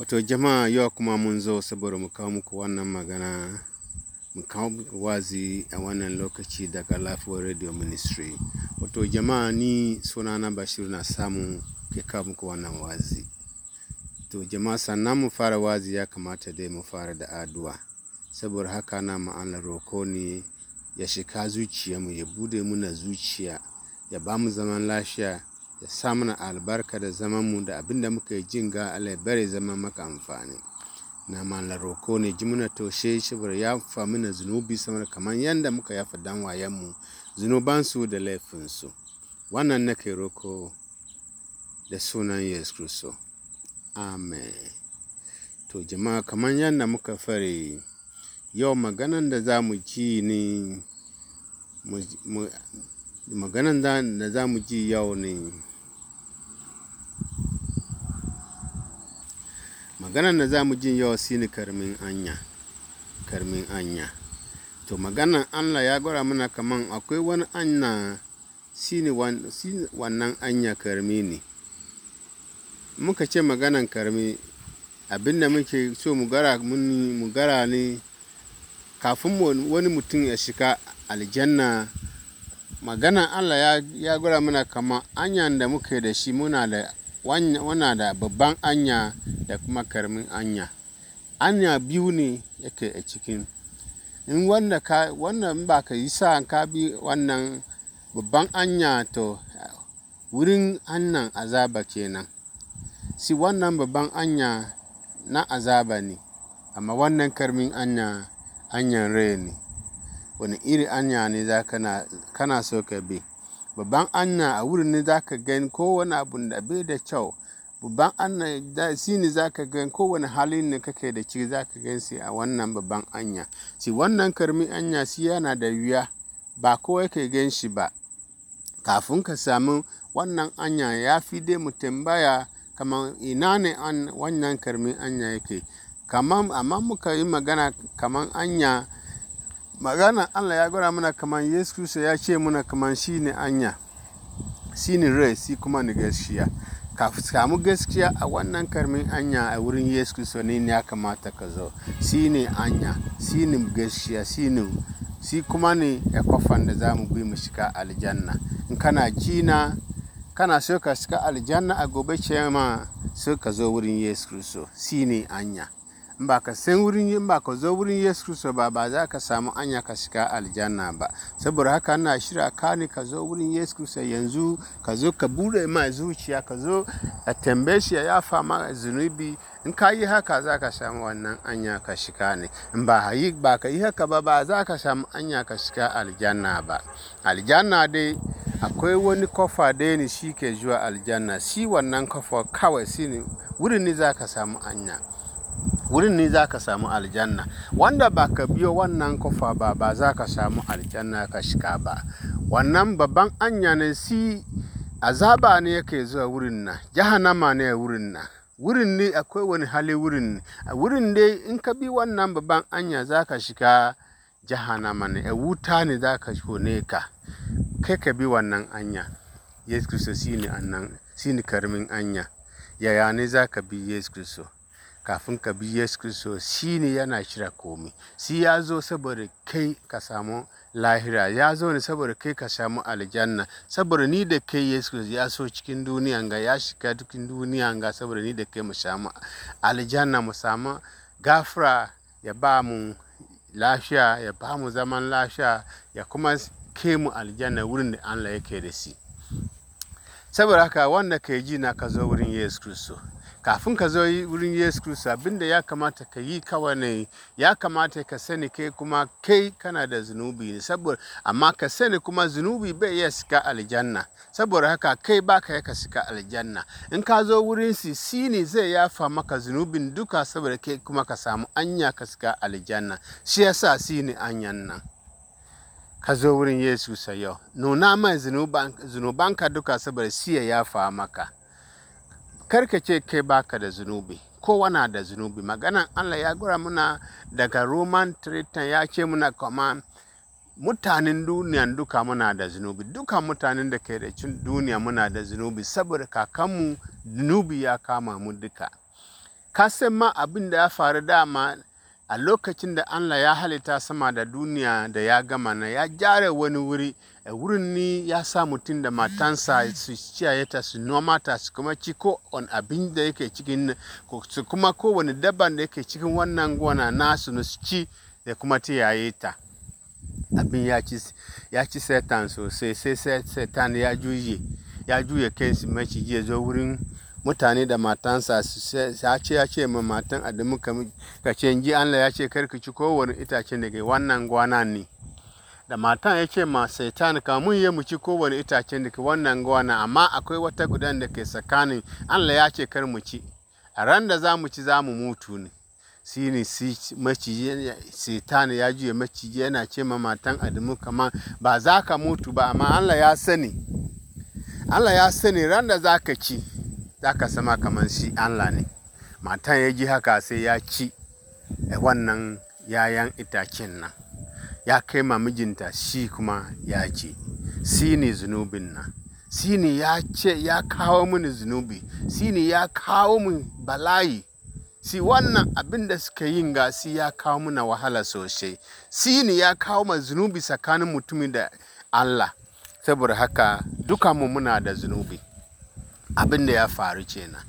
wato jama'a yau kuma mun zo saboda mu kawo muku wannan magana mu kawo muku wazi a wannan lokaci daga lafiyar radio ministry wato jama'a ni sunana bashir na samu ke kawo muku wannan wazi to jama'a sannan mu fara wazi ya kamata dai mu fara da addu'a saboda haka na ma'anar roko ne ya shika zuciyarmu ya bude muna zuciya ya ba mu zaman lafiya da samun albarka da mu da abinda muka yi jin ga Allah bare zama maka amfani na malar roko ne ji muna toshe shi bar ya fa mana zunubi samar kamar yanda muka yafa dan wayan mu wayanmu su da laifin su, wannan nake roko da sunan Yesu Kristo amen to jama'a kamar yanda muka fare yau maganan da za ji ne maganan da za mu ji yau ne maganan da za mu jin yau ne karmin anya karmin anya to maganan allah ya gwara mana kaman akwai wani anya ne wannan anya karmi ne muka ce maganan karmi abinda muke so mu gara mu gara ne kafin wani mutum ya shiga aljanna maganan allah ya gwara mana kaman anyan da muke da shi muna da wana da babban anya da kuma karmin anya. Anya biyu ne yake a cikin. In wanda wannan ba ka yi sa ka bi wannan babban anya to wurin hannan azaba kenan. Si wannan babban anya na azaba ne, amma wannan karmin anya, anyan rai ne. wani iri anya ne za kana, kana so ka bi? babban anna a wurin ne za ka gani kowane abu da bai da kyau babban anna shi ne za ka gani kowane halin ne kake da ciki za ka gani a wannan babban anya shi wannan karmi anya shi yana da wuya ba kowa ka gan shi ba kafin ka samu wannan anya ya fi dai mutum baya kamar ina ne wannan karmi anya yake kamar amma muka yi magana kamar anya magana allah ya gwara mana kamar yesu kristo ya ce mana kamar shi ne anya shi ne rai shi kuma ne gaskiya ka samu gaskiya a wannan karmin anya a wurin yesu kristo ne ya kamata ka zo shi ne anya shi ne gaskiya shi ne shi kuma ne ya kofan da za mu bi mu shiga aljanna in kana jina kana so ka shiga aljanna a gobe ce ma so ka zo wurin yesu kristo shi ne anya ba ka san wurin yin ba ka zo wurin yesu kristo ba ba za ka samu anya ka shiga aljanna ba saboda haka ana shira ka ne ka zo wurin yesu kristo yanzu ka zo ka bude ma zuciya ka zo a tambaye shi ya fama zunubi in ka yi haka za ka samu wannan anya ka shiga ne in ba yi ba ka yi haka ba ba za ka samu anya ka shiga aljanna ba aljanna dai akwai wani kofa dai ne shi ke zuwa aljanna shi wannan kofa kawai shi ne wurin ne za ka samu anya wurin ne za ka samu aljanna wanda ba ka biyo wannan kofa ba ba za ka samu aljanna ka shiga ba wannan babban anya ne si azaba ne yake zuwa wurin nan jahannama ne wurin nan wurin ne akwai wani hali wurin ne a wurin ne in ka bi wannan babban anya za ka shiga jahannama ne a wuta ne za ka ne ka kai ka bi wannan anya yesu kristo shi ne karmin anya yaya ne za ka bi yesu kristo kafin ka bi yesu kristo shi ne yana shirya komi shi ya zo saboda kai ka samu lahira ya zo ne saboda kai ka samu aljanna saboda ni da kai yesu kristo ya so cikin duniya ga ya shiga cikin duniya ga saboda ni da kai mu samu aljanna mu samu gafara ya ba mu lafiya ya ba mu zaman lafiya ya kuma kai mu aljanna wurin da allah yake da shi saboda haka wanda ka ji na ka zo wurin yesu kristo kafin ka zo wurin yesu kristo abinda ya kamata ka yi kawai ne ya kamata ka sani kai kuma kai kana da zunubi ne saboda amma ka sani kuma zunubi bai iya sika aljanna saboda haka kai baka ya ka sika aljanna in ka zo wurin si shi ne zai yafa maka zunubin duka saboda kai kuma ka samu anya ka sika aljanna shi yasa si ne anyan nan ka zo wurin yesu sayo nuna mai zunubanka duka saboda shi ya yafa maka karka ce kai baka da zunubi kowa na da zunubi maganan allah ya gura muna daga roman tritan ya ce muna kama mutanen duniya duka muna da zunubi duka mutanen da ke da cin duniya muna da zunubi saboda kakanmu zunubi ya kama mu duka kasan ma abin da ya faru dama a lokacin da allah ya halitta sama da duniya da ya gama na ya jare wani wuri Eh, wurin ni ya sa mutum da matansa su ciyaye ta su noma ta su kuma ci ko on abin da yake cikin su kuma kowane daban da yake cikin wannan gona nasu su su ci da kuma yaye ta abin ya ci setan sosai sai setan ya juye ya juye kai su maciji ya zo wurin mutane da matansa ya ce ya ce ma matan adamu ka ce ji Allah ya ce karki ci kowane itacen daga wannan gwana ne da matan ya ce ma k'a kamun ya mu ci kowane itacen da ke wannan gwana, amma akwai wata gudan da ke tsakanin allah ya ce kar mu ci a ran da za mu ci za mu mutu ne shi ne satan ya juya maciji yana ce ma matan adamu kama ba za ka mutu ba amma allah ya sani allah ya sani ran da za ka ci za ka sama kamar shi allah ne matan ya ji haka sai ya ci wannan yayan itacen nan ya kai ma mijinta shi kuma ya ce si ne zunubin nan si ne ya ce ya kawo mini zunubi si ne ya kawo min bala'i si wannan abin da suka yin ga si ya kawo mana wahala sosai si ne ya kawo ma zunubi tsakanin mutumin da allah saboda haka duka mu muna da zunubi abin da ya faru na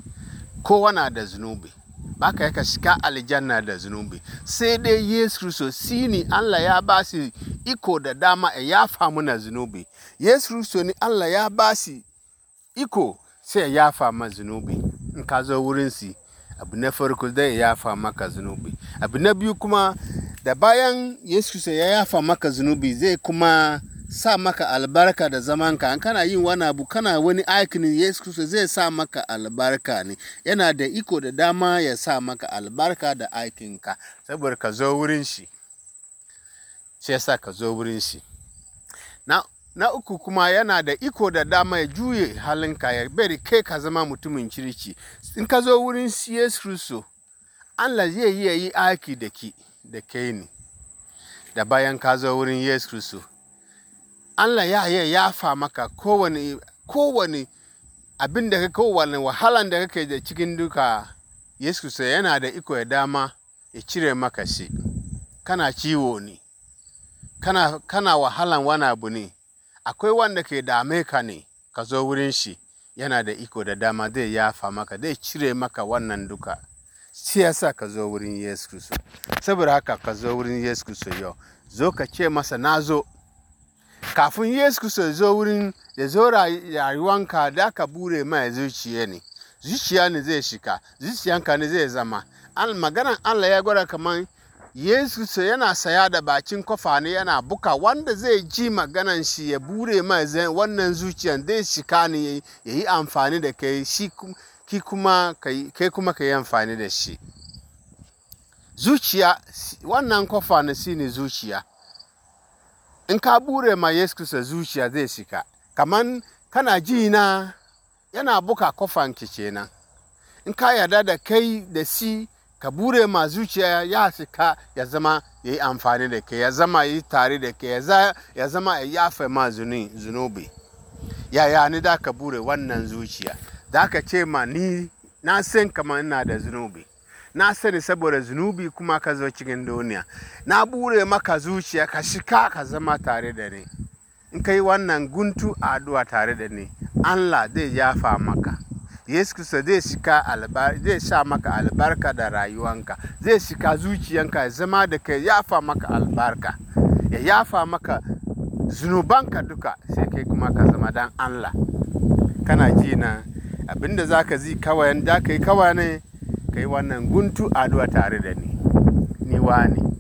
kowa na da zunubi Ba ka yi ka shiga aljanna da zunubi sai dai yesu kristo si ne allah ya ba shi iko da dama a ya famu na zunubi yesu kristo ne allah ya ba shi iko sai ya famu zunubi in ka zo wurin si abu na farko zai famu maka zunubi abu na biyu kuma da bayan yesu kristo ya yafa maka zunubi zai kuma sa maka albarka da zamanka An kana yin wani abu kana wani aikin yesu kristo zai sa maka albarka ne yana da iko da dama ya sa maka albarka da aikinka saboda ka zo wurin shi shi yasa ka zo wurin shi na na uku kuma yana da iko da dama ya juye halinka ya bari kai ka zama mutumin kirki in ka zo wurin yesu kristo allah zai iya yi aiki da ke ne da bayan ka zo wurin yesu kristo Allah ya iya yafa maka kowane kowane abin da kowane wahalan da kake da cikin duka Yesu sai yana da iko ya dama ya cire maka shi kana ciwo ne kana kana wahalan wani abu ne akwai wanda ke dame ka ne ka zo wurin shi yana da iko da dama zai yafa maka zai cire maka wannan duka shi ka zo wurin Yesu saboda haka ka zo wurin Yesu yau zo ka ce masa na zo kafin yesu kristo ya zo wurin ya zo rayuwanka da aka bure mai zuciya ne zuciya ne zai shika zuciyanka ne zai zama al maganan allah ya gwada kamar yesu yana saya da bakin kofa ne yana buka wanda zai ji maganan shi ya bure mai wannan zuciyan zai shika ne ya yi amfani da kai shi ki kuma kai kuma ka yi amfani da shi zuciya wannan kofa ne ne zuciya in ka bure ma yesu kristo zuciya zai shiga kaman kana ji na yana buka kofanki kenan in ka yarda da kai da si ka bure ma zuciya ya shiga ya zama ya yi amfani da ke ya zama ya yi tare da ke ya zama ya yafe ma zunubi yaya ni da ka bure wannan zuciya da ka ce ma ni na san kamar ina da zunubi na sani saboda zunubi kuma ka zo cikin duniya na bure maka zuciya ka shika ka zama tare da ni in ka yi wannan guntu a addu'a tare da ni allah zai yafa maka yesu kristo zai shika zai sha maka albarka da rayuwanka zai shika zuciyanka ya zama da kai yafa maka albarka ya yafa maka zunubanka duka sai kai kuma ka zama dan allah kana ji na abinda ka zi kawai da yi kawai ne kai wannan guntu aduwa tare da ni ni ne.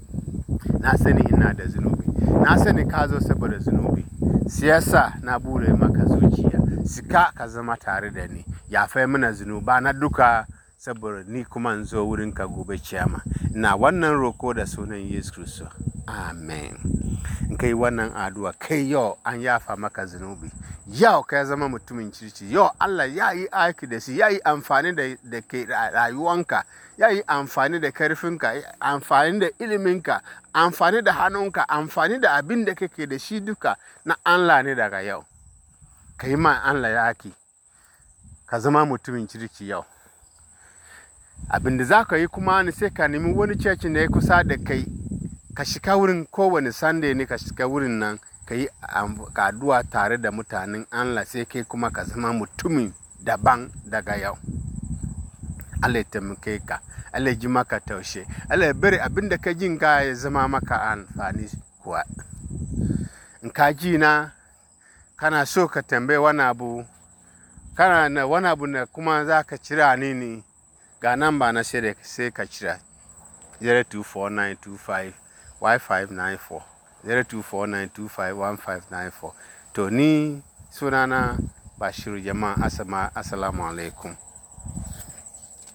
na sani ina da zunubi na sani ka zo saboda zunubi siyasa na bude maka zuciya sika ka zama tare da ni ya fai mana zunuba na duka saboda ni kuma in zo ka gobe ciyama na wannan roko da sunan yesu kristo amen kai wannan aduwa kai yau an yafa maka zunubi yau ka zama mutumin kirki yau Allah ya yi aiki da shi ya yi amfani da ke rayuwanka ya yi amfani da karfinka amfani da iliminka amfani da hannunka amfani da abin da kake da shi duka na Allah ne daga yau ka yi ma Allah ya aiki ka zama mutumin kirki yau abin da za ka yi kuma ni sai ka nemi wani cecin da ya kusa da kai ka shiga wurin kowane sande ne ka shiga wurin nan ka yi kaduwa tare da mutanen Allah sai kai kuma ka zama mutumin daban daga yau Allah ya taimake ka Allah ji maka taushe Allah ya bari abinda ka jin k'a ya zama maka amfani kuwa in ka ji na kana so ka tambaye wani abu kana na wani abu na kuma za ka cira ni ne ga nan ba na sai ka cira 024925 0249251594 to ni sunana bashiru jama'a assalamu alaikum